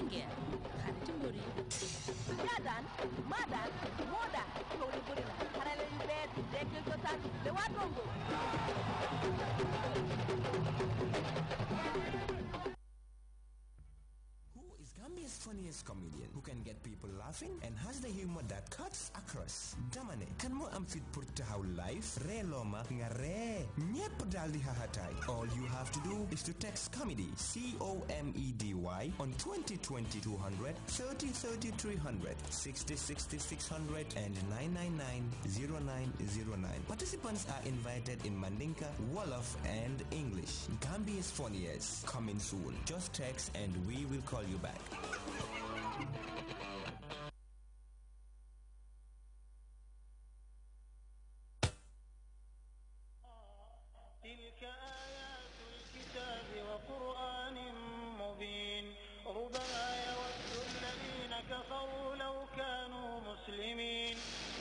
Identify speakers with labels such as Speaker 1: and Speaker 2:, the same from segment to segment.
Speaker 1: Linguère xale ci mbër yi yaa daan maa daan moo daan coow li genius comedian who can get people laughing and has the humor that cuts across. Damane, can mo amfit fit pour taxaw life? ree nga ree ñépp di All you have to do is to text comedy C O M E D Y on 2020 200 30 30 300 60 60 600 and 999 0909. Participants are invited in Mandinka, Wolof and English. Gambia's funniest coming soon. Just text and we will call you back. مسلمين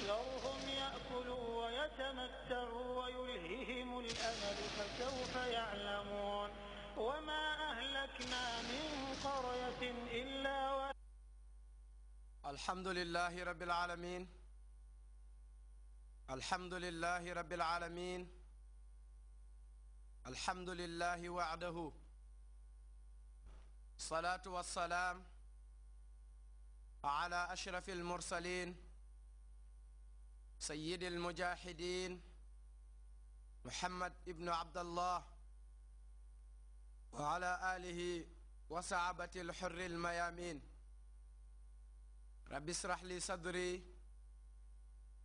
Speaker 1: ذرهم يأكلوا ويتمتعوا ويلههم الأمل فسوف يعلمون وما أهلكنا من قرية إلا و... الحمد لله رب العالمين الحمد لله رب العالمين الحمد لله وعده صلاة والسلام وعلى أشرف المرسلين سيد المجاهدين محمد ابن عبد الله وعلى آله وصعبة الحر الميامين رب اشرح لي صدري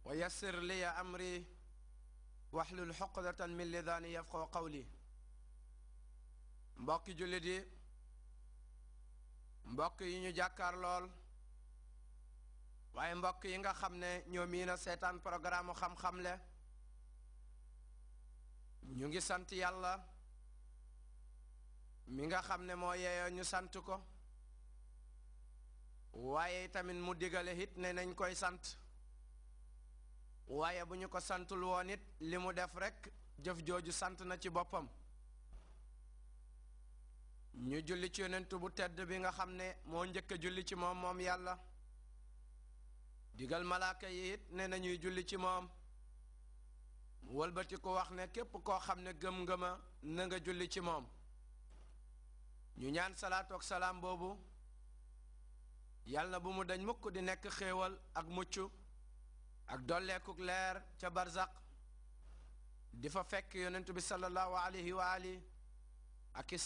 Speaker 1: ويسر لي أمري واحلل حقدة من لذان يفقه قولي mbokki جلدي yi ينجاكار لول waaye mbokk yi nga xam ne ñoo miin a seetaan programme xam-xam le ñu ngi sant yàlla mi nga xam ne moo yeeyoo ñu sant ko waaye tamit mu digale it ne nañ koy sant waaye bu ñu ko santul woon it li mu def rekk jëf jooju sant na ci boppam ñu julli ci yonentu bu tedd bi nga xam ne moo njëkk julli ci moom moom yàlla digal malaaka yi ne nañuy julli ci moom mu wëlbati wax ne képp koo xam ne gëm-ngëma na nga julli ci moom ñu ñaan salaatu ak salaam boobu yal na bu mu dañ mukk di nekk xéewal ak mucc ak dolleekuk leer ca barzaq di fa fekk yonent bi sallallahu alayhi wa ali ak i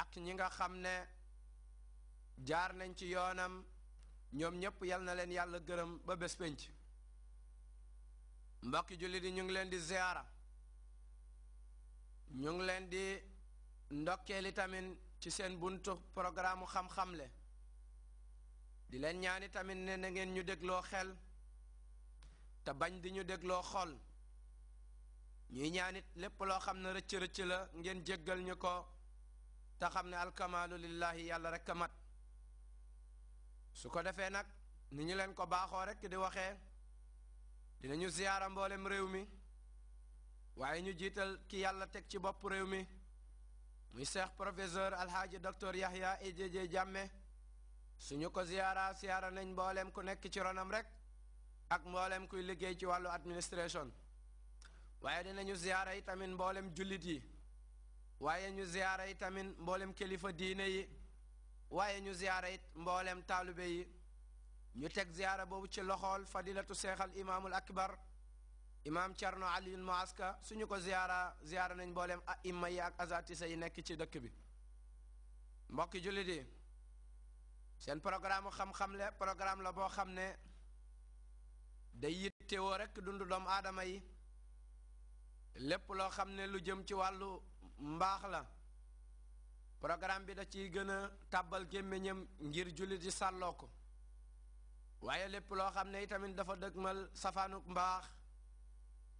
Speaker 1: ak ñi nga xam ne jaar nañ ci yoonam ñoom ñëpp yal na leen yàlla gërëm ba bés pénc mbokki julli di ñu ngi leen di ziyaara ñu ngi leen di ndokkeeli tamit ci seen buntu programme xam-xam le di leen ñaani tamit ne na ngeen ñu dégloo xel te bañ di ñu dégloo xool ñuy ñaanit lépp loo xam ne rëcc rëcc la ngeen jéggal ñu ko te xam ne alkamaalu lillahi yàlla rekk a mat su ko defee nag ni ñu leen ko baaxoo rek di waxee dinañu ziyaara mboolem réew mi waaye ñu jiital ki yàlla teg ci bopp réew mi muy seex professeur alhaaji docteur Yahya Ejeje Jammeh suñu ko ziyaara ziyaara nañ mboolem ku nekk ci ronam rek ak mboolem kuy liggéey ci wàllu administration waaye dinañu ziyaara yi tamit mboolem jullit yi waaye ñu ziyaara yi tamit mboolem kilifa diine yi waye ñu ziaré it mboolem taalibe yi ñu tek ziaré bobu ci loxol fadilatu sheikh al imam al akbar imam charno ali al muaska suñu ko ziaré ziaré nañ a imma yi ak azatisa yi nekk ci dëkk bi mbokk jullit yi seen programme xam-xam le programme la bo xamné day yitté wo rek dundu doomu aadama yi lépp lo xamné lu jëm ci walu mbax la programme bi da ciy gën a tàbbal gémmiñam ngir jullit yi sàlloo ko waaye lépp loo xam ne itamit dafa dëgmal safaanuk mbaax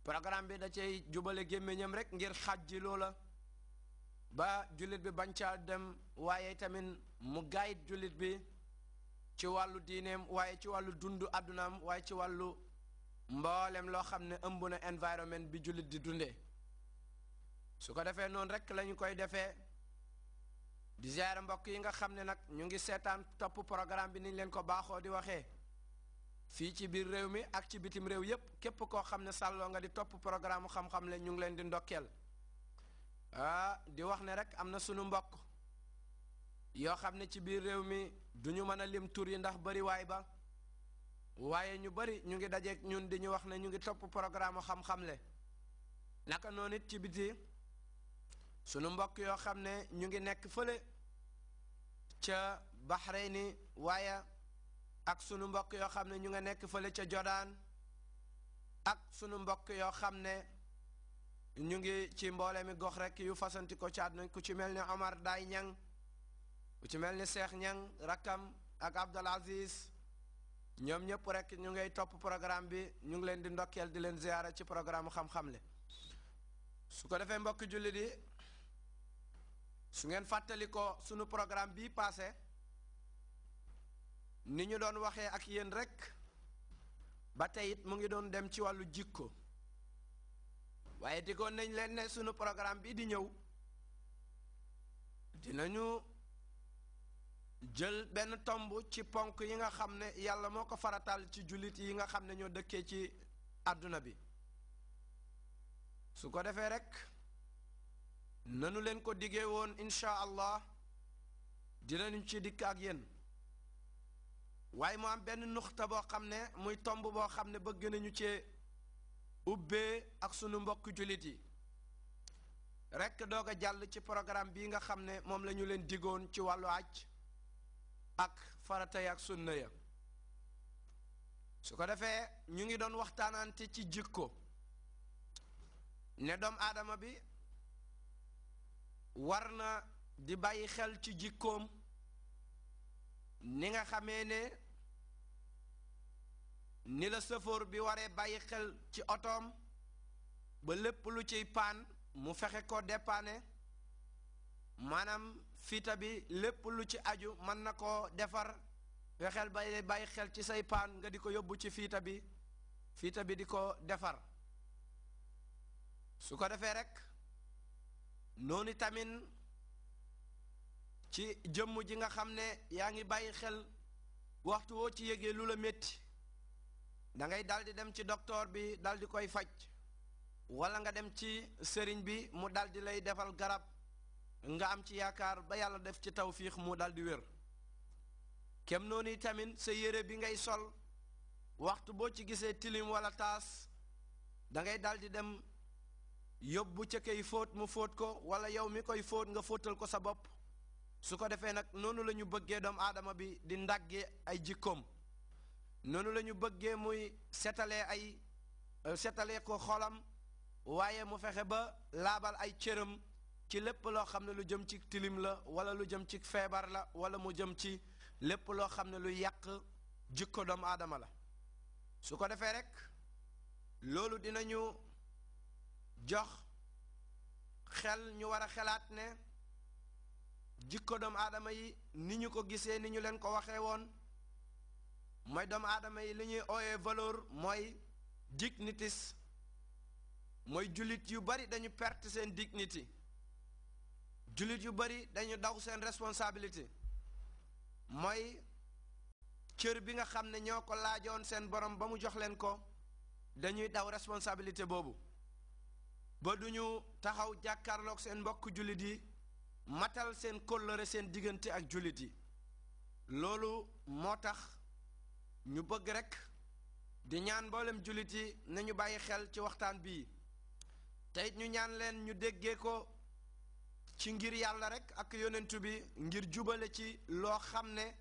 Speaker 1: programme bi da cay jubale gémmiñam rek ngir xàjji loola ba jullit bi bañ caa dem waaye tamit mu gaayit jullit bi ci wàllu diineem waaye ci wàllu dund àddunaam waaye ci wàllu mboolem loo xam ne ëmb na environnement bi jullit di dundee su ko defee noonu rek lañu koy defee di ziare mbokk yi nga xam ne nag ñu ngi seetaan topp programme bi niñ leen ko baaxoo di waxee fii ci biir réew mi ak ci bitim réew yépp képp koo xam ne sàlloo nga di topp programme xam-xam la ñu ngi leen di ndokkeel ah, di wax ne rek am na sunu mbokk yoo xam ne ci biir réew mi duñu mën a lim tur yi ndax bari ba waaye ñu bari ñu ngi dajeek ñun di wax ne ñu ngi topp programme xam le naka noonu ci biti sunu mbokk yoo xam ne ñu ngi nekk fële ca Bahreyn waaye ak sunu mbokk yoo xam ne ñu nga nekk fële ca jodaan ak sunu mbokk yoo xam ne ñu ngi ci mboole gox rek yu fasanti ko caat nañ ku ci mel ni Omar Day Ñang ku ci mel ni Cheikh Ñang rakkam ak Abdul Aziz ñoom ñëpp rek ñu ngay topp programme bi ñu ngi leen di ndokkeel di leen ziyaara ci programme xam-xam le su ko defee mbokk jullit yi su ngeen fàttali ko sunu programme bii passé ni ñu doon waxee ak yéen rek ba tey it mu ngi doon dem ci wàllu jikko waaye diggoon nañ leen ne sunu programme bi di ñëw dinañu jël benn tomb ci ponk yi nga xam ne yàlla moo ko faratal ci julit yi nga xam ne ñoo ci àdduna bi su ko defee rek nanu leen ko diggee woon incha allah dinañ ci dikk ak yéen waaye mu benn nuxta boo xam ne muy tomb boo xam ne bëgg nañu cee ubbee ak sunu mbokk jullit yi rekk doog a jàll ci programme bi nga xam ne moom lañu leen diggoon ci wàllu aj ak farata ya ak sunna ya su ko defee ñu ngi doon waxtaanaante ci ko ne doom aadama bi war na di bàyyi xel ci jikkoom ni nga xamee ne ni la sëfoor bi waree bàyyi xel ci otoom ba lépp lu ciy paan mu fexe ko dépanne maanaam fiita bi lépp lu ci aju mën na koo defar nga xel bay bàyyi xel ci say paan nga di ko yóbbu ci fiita bi fiita bi di ko defar su ko defee rekk noonu tamit ci jëmm ji nga xam ne yaa ngi bàyyi xel waxtu woo ci yëgee lu la métti da ngay dem ci docteur bi dal di koy faj wala nga dem ci sëriñ bi mu daldi lay defal garab nga am ci yaakaar ba yàlla def ci tawfiix mu dal di wér kem noonu tamit sa yére bi ngay sol waxtu boo ci gisee tilim walla taas da ngay dem yóbbu ca kay fóot mu fóot ko wala yow mi koy fóot nga fóotal ko sa bopp su ko defee nag noonu lañu bëggee doomu aadama bi di ndàggee ay jikkoom noonu la ñu bëggee muy setalee ay euh, setalee ko xolam waaye mu fexe ba laabal ay cëram ci lépp loo xam ne lu jëm ci tilim la wala lu jëm ci feebar la wala mu jëm ci lépp loo xam ne lu yàq jikko doomu aadama la su ko defee rek loolu dinañu jox xel ñu wara xelaat ne jikko doomu aadama yi ni ñu ko gisee ni ñu leen ko waxee woon mooy doomu aadama yi li ñuy ooyee valeur mooy dignitis mooy julit yu bari dañu perte seen dignity julit yu bari dañu daw seen responsabilité mooy cër bi nga xam ne ñoo ko laajoon seen borom ba mu jox leen ko dañuy daw responsabilité boobu ba du ñu taxaw jàkkaarloog seen mbokk jullit yi matal seen kóllëre seen diggante ak jullit yi loolu moo tax ñu bëgg rekk di ñaan mboolem jullit yi nañu bàyyi xel ci waxtaan bi tey ñu ñaan leen ñu déggee ko ci ngir yàlla rekk ak yonentu bi ngir jubale ci loo xam ne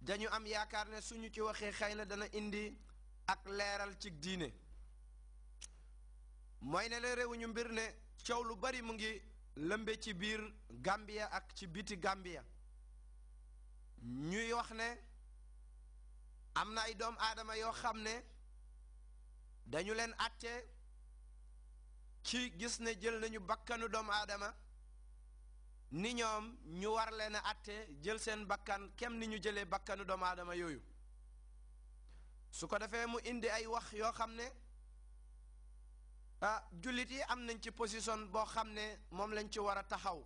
Speaker 1: dañu am yaakaar ne suñu ci waxee xëy na dana indi ak leeral ci diine mooy ne la réewuñu mbir ne coow lu bari mu ngi lëmbe ci biir Gambia ak ci biti Gambia ñuy wax ne am na ay doom aadama yoo xam ne dañu leen àtte ci gis ne jël nañu bakkanu doom aadama ni ñoom ñu war leen a àtte jël seen bakkan kem ni ñu jëlee bakkanu doomu aadama yooyu su ko defee mu indi ay wax yoo xam ne ah jullit yi am nañ ci position boo xam ne moom lañ ci war a taxaw